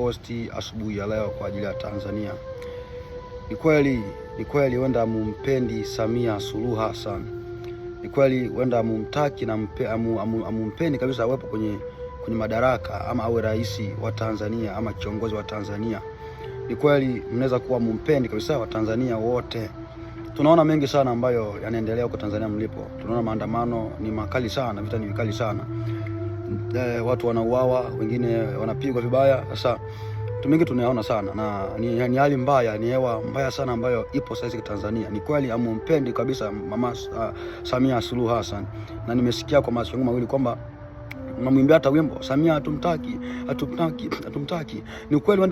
Posti asubuhi ya leo kwa ajili ya Tanzania. Ni kweli, ni kweli wenda mumpendi Samia Suluhu Hassan. Ni kweli wenda mumtaki na amumpendi kabisa awepo kwenye, kwenye madaraka ama awe rais wa Tanzania ama kiongozi wa Tanzania. Ni kweli mnaweza kuwa mumpendi kabisa wa Tanzania wote. Tunaona mengi sana ambayo yanaendelea huko Tanzania mlipo. Tunaona maandamano ni makali sana, vita ni vikali sana eh, watu wanauawa, wengine wanapigwa vibaya. Sasa vitu tunaona sana na ni, ni hali mbaya, ni hewa mbaya sana ambayo ipo sasa hivi Tanzania. Ni kweli amumpendi kabisa mama uh, Samia Suluhu Hassan, na nimesikia kwa masikio mawili kwamba namwimbia hata wimbo Samia hatumtaki, hatumtaki, hatumtaki. Ni kweli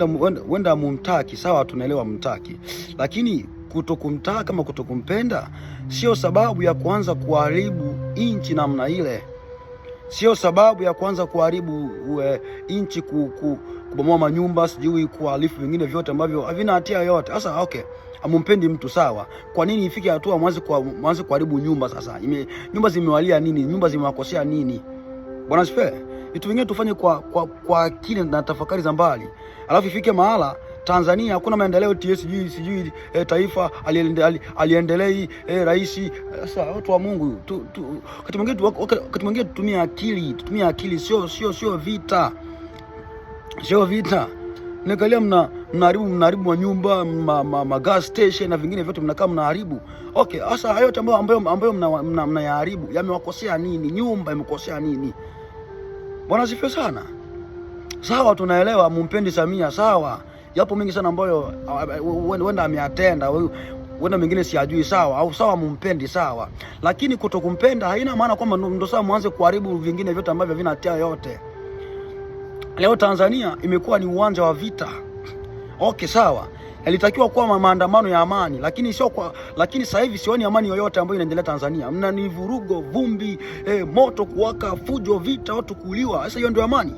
wenda mumtaki, sawa, tunaelewa mtaki, lakini kutokumtaka kama kutokumpenda sio sababu ya kuanza kuharibu nchi namna ile sio sababu ya kuanza kuharibu eh, nchi, kubomoa manyumba, sijui kuharifu vingine vyote ambavyo havina hatia yoyote. Sasa okay, amumpendi mtu sawa, kwa nini ifike hatua mwanze kuharibu nyumba? Sasa ime, nyumba zimewalia nini? Nyumba zimewakosea nini? Bwana sipe, vitu vingine tufanye kwa, kwa, kwa akili na tafakari za mbali, alafu ifike mahala Tanzania hakuna maendeleo tie sijui sijui eh, e, taifa aliendelei e, rais. Sasa watu wa Mungu, tu, tu, wakati mwingine tu, wakati mwingine tutumie akili, tutumie akili, sio sio sio vita, sio vita. Nikalia mna mnaharibu mnaharibu nyumba ma, ma, ma gas station na vingine vyote mnakaa mnaharibu. Okay, sasa hayo yote ambayo ambayo mnayaharibu mna, mna yamewakosea nini? Nyumba imekosea nini? Bwana sifio sana. Sawa, tunaelewa mumpendi Samia, sawa yapo mengi sana ambayo huenda ah, ah, ameyatenda wenda mengine siajui, sawa au sawa, mumpendi sawa, lakini kutokumpenda haina maana kwamba ndo sawa mwanze kuharibu vingine vyote ambavyo vinatia yote. Leo Tanzania imekuwa ni uwanja wa vita. Okay, sawa, yalitakiwa kuwa maandamano ya amani, lakini sio kwa, lakini sasa hivi sioni amani yoyote ambayo inaendelea Tanzania. Mna ni vurugo, vumbi, eh, moto kuwaka, fujo, vita, watu kuuliwa. Sasa hiyo ndio amani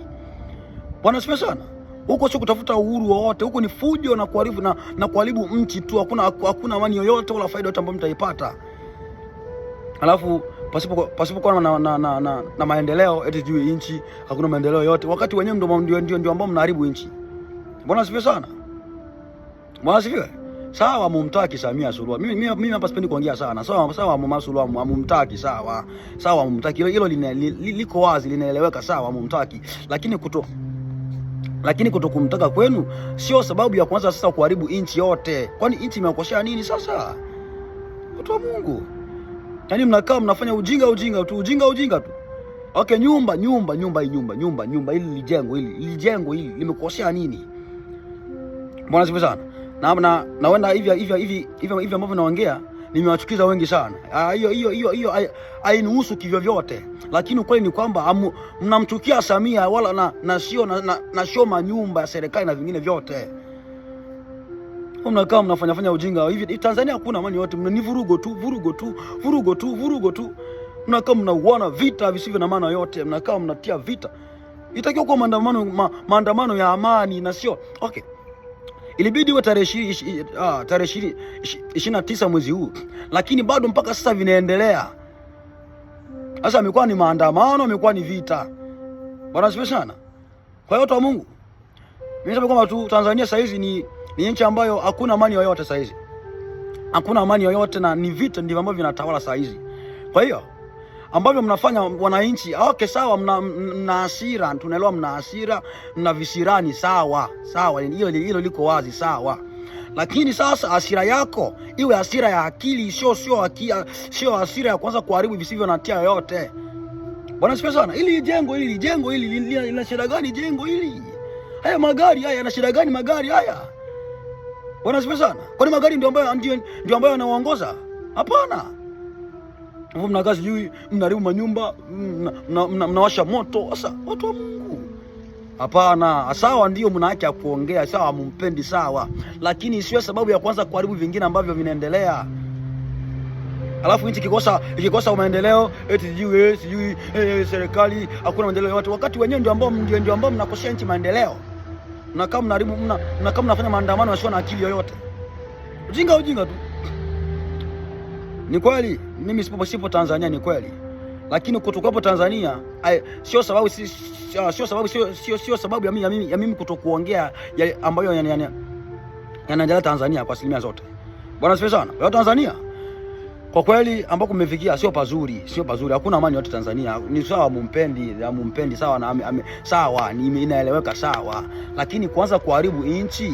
bwana? Sio sana huko sio kutafuta uhuru wowote, huko ni fujo na kuharibu na, na kuharibu mchi tu. Hakuna hakuna amani yoyote wala faida yoyote ambayo mtaipata. Alafu pasipo pasipo pasipokuwa na, na, na, na, na na maendeleo eti juu nchi hakuna maendeleo yote, wakati wenyewe ndio ndio ndio ambao mnaharibu nchi. Bwana asifiwe sana. Bwana asifiwe. Sawa, mumtaki Samia Suluhu. Mimi mimi mimi hapa sipendi kuongea sana. Sawa, sawa mama Suluhu amumtaki, sawa. Sawa mumtaki. Hilo hilo liko wazi, linaeleweka, sawa mumtaki. Lakini kuto lakini kutokumtaka kwenu sio sababu ya kuanza sasa kuharibu nchi yote. Kwani nchi imekosea nini sasa? Watu wa Mungu, yaani mnakaa mnafanya ujinga ujinga tu ujinga ujinga tu. Okay, nyumba nyumba nyumba hii nyumba nyumba nyumba hili lijengo hili lijengo hili limekosea nini? Mbona sivyo sana na na naenda hivi hivi hivi hivi ambavyo naongea nimewachukiza wengi sana. Ah, hiyo hiyo hiyo hiyo hainihusu kivyovyote, lakini ukweli ni kwamba mnamchukia Samia wala na, na sio na, na, na sio manyumba ya serikali na vingine vyote mnakaa fanya ujinga hivi. Tanzania hakuna amani yote, ni vurugo tu vurugo tu vurugo tu vurugo tu. Mnakaa mnauana vita visivyo na maana yote, mnakaa mnatia vita. Itakiwa kuwa maandamano ma, maandamano ya amani na sio okay ilibidi iwe tarehe ah, tarehe ishirini na tisa mwezi huu, lakini bado mpaka sasa vinaendelea. Sasa amekuwa ni maandamano, amekuwa ni vita. Bwana asifiwe sana. Kwa hiyo watu wa Mungu, mimi nasema kwamba tu Tanzania sasa hizi ni, ni nchi ambayo hakuna amani yoyote sasa hizi, hakuna amani yoyote na ni vita ndivyo ambavyo vinatawala sasa hizi, kwa hiyo ambavyo mnafanya wananchi. Okay, sawa, mna, mna hasira, tunaelewa mna hasira, mna visirani, sawa sawa, hilo hilo liko wazi, sawa lakini sasa hasira yako iwe hasira ya akili, sio sio sio hasira ya kwanza kuharibu visivyo na tia yoyote. Bwana sipe sana, ili jengo hili jengo hili lina shida gani? Jengo hili haya magari haya yana shida gani? Magari haya bwana sipe sana, kwani magari ndio ambayo ndio ambayo yanaongoza? Hapana hivyo mnakaa sijui mnaribu manyumba mnawasha moto. Sasa watu wa Mungu, hapana. Sawa, ndio mnaacha kuongea, sawa, mumpendi sawa, lakini isiwe sababu ya kwanza kuharibu vingine ambavyo vinaendelea. Alafu nchi ikikosa ikikosa maendeleo eti sijui eh, sijui eh, eh, serikali hakuna maendeleo ya watu, wakati wenyewe ndio ambao ndio ndio ambao mnakosea nchi maendeleo. na kama Mnakaa mna kama mnafanya maandamano yasiyo na akili yoyote, ujinga ujinga tu. Ni kweli mimi sipo sipo Tanzania, ni kweli lakini kutokapo Tanzania sio sababu, si, sio sababu, sio sio sio sababu ya mimi, ya mimi kutokuongea yale ambayo yanaendelea Tanzania kwa asilimia zote. Bwana sifa sana leo Tanzania kwa kweli ambao kumefikia sio pazuri, sio pazuri. Hakuna amani yote Tanzania. Ni sawa mumpendi, mumpendi sawa na ame, ame, sawa ni inaeleweka sawa, lakini kuanza kuharibu inchi,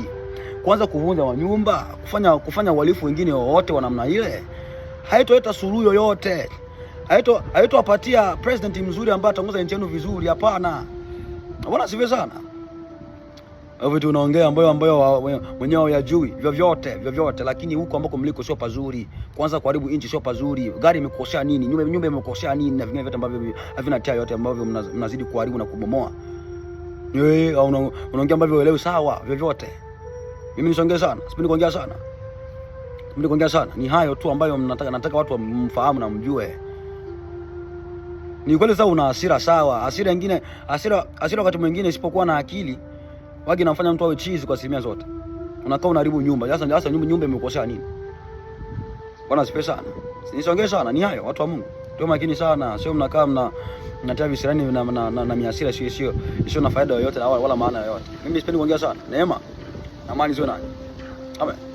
kuanza kuvunja manyumba, kufanya kufanya uhalifu wengine wote wa namna ile haitoleta suluhu yoyote, haitowapatia president mzuri ambaye ataongoza nchi yenu vizuri. Hapana, mbona sivyo sana vitu unaongea ambayo ambayo mwenyewe hawajui vyovyote vyovyote, lakini huko ambako mliko sio pazuri. Kwanza kuharibu nchi sio pazuri. Gari imekoshea nini? Nyumba nyumba imekoshea nini? Na vingine vyote ambavyo havina tia yote ambavyo mnazidi kuharibu na kubomoa. Wewe unaongea ambavyo uelewi. Sawa, vyovyote. Mimi nisongee sana, sipendi kuongea sana. Mimi kuongea sana. Ni hayo tu ambayo mnataka, nataka watu wamfahamu na mjue. Ni kweli sasa una hasira sawa. Hasira nyingine, hasira hasira wakati mwingine isipokuwa na akili, wagi namfanya mtu awe chizi kwa asilimia zote. Unakaa unaribu nyumba. Sasa sasa nyumba nyumba imekosea nini? Bwana sipe sana. Nisongee sana. Ni hayo watu wa Mungu. Tuwe makini sana. Sio mnakaa mna mnatia visirani na na, na, na miasira sio sio sio na faida yoyote wala, wala maana yoyote. Mimi sipendi kuongea sana. Neema. Amani ziwe nani. Amen.